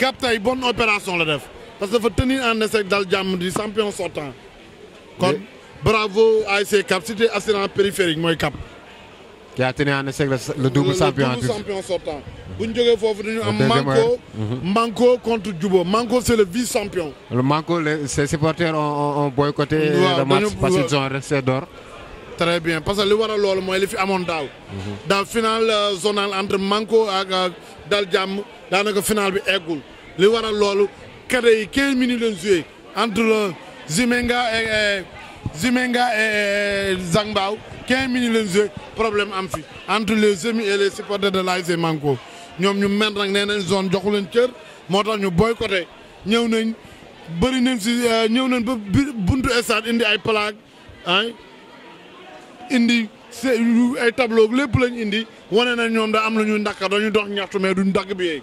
C'est une bonne opération le def parce que faut tenir un essai Dal jam du champion sortant kon bravo ASC Cap cité le périphérique moi, Cap. qui a tenu un essai le double champion le double champion sortant. Il faut venir à manco Manco contre Djubo Manco, c'est le vice champion. le Manco, ses supporters ont ont boycotté. le match parce qu'ils ont resté dehors. très bien parce que li le loolu il est fait à daaw. Mhm. dans final euh, zonal entre Manco et euh, Dal dans le final bi li waral loolu cadets yi 15 minutes lañ joué entre le Zimenga et Zimenga et Zang Mbao 15 minutes lañ joué problème am fi entre les amis et les supporters de l'ASC Manko ñoom ñu mel nag nee nañ zone joxu leen cër moo tax ñu boycotté ñëw nañ bëri nañ si euh, ñëw nañ ba buntu stade indi ay plaque ah indi ay tableau lépp lañ indi wane na ñoom da am la ñuy ndakka dañu dox ñaxtu mais duñ dagg bi yeeg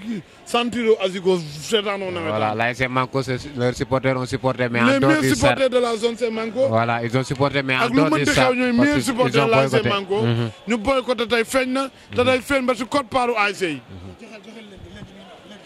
sentiro Asigo seetaanoon nawetaan. voilà l'ASC Manco, leurs supporters ont supporté mais en dehors du stade les meilleurs supporters de la zone c'est Manco. voilà ils ont supporté mais en dehors du stade ak lu mën di xew meilleurs supporters de l'ASC Manko. Manco. Mhm. Nous, boycottons, feeñ na te day feeñ ba si code paru ASC e yi.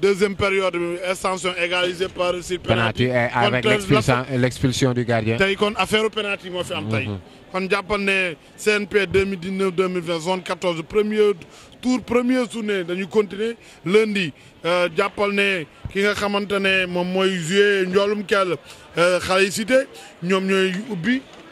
Deuxième période, extension égalisée par le penalty. Eh, avec l'expulsion du gardien. tey kon affaire penalty moo fi am tey. Mhm. kon CNP 2019 2020 zone premier tour premier journée nous continuer lundi euh, jàppal ne ki nga commenté, ne moom mooy joué kell xale euh,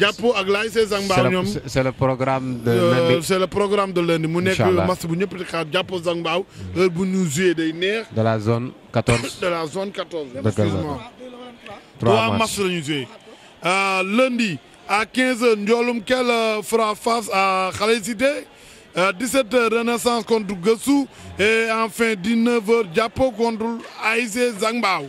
jàppoo ak laay c'est le programme de euh, lundi c'est le programme de lundi mu nekk bu de la zone 14 de la zone 14. excuse-moi trois matchs euh, lundi à 15h Ndiolum Kel euh, fera face à Khalil 17h Renaissance contre Gassou et enfin 19h Diapo contre AIC Zangbao.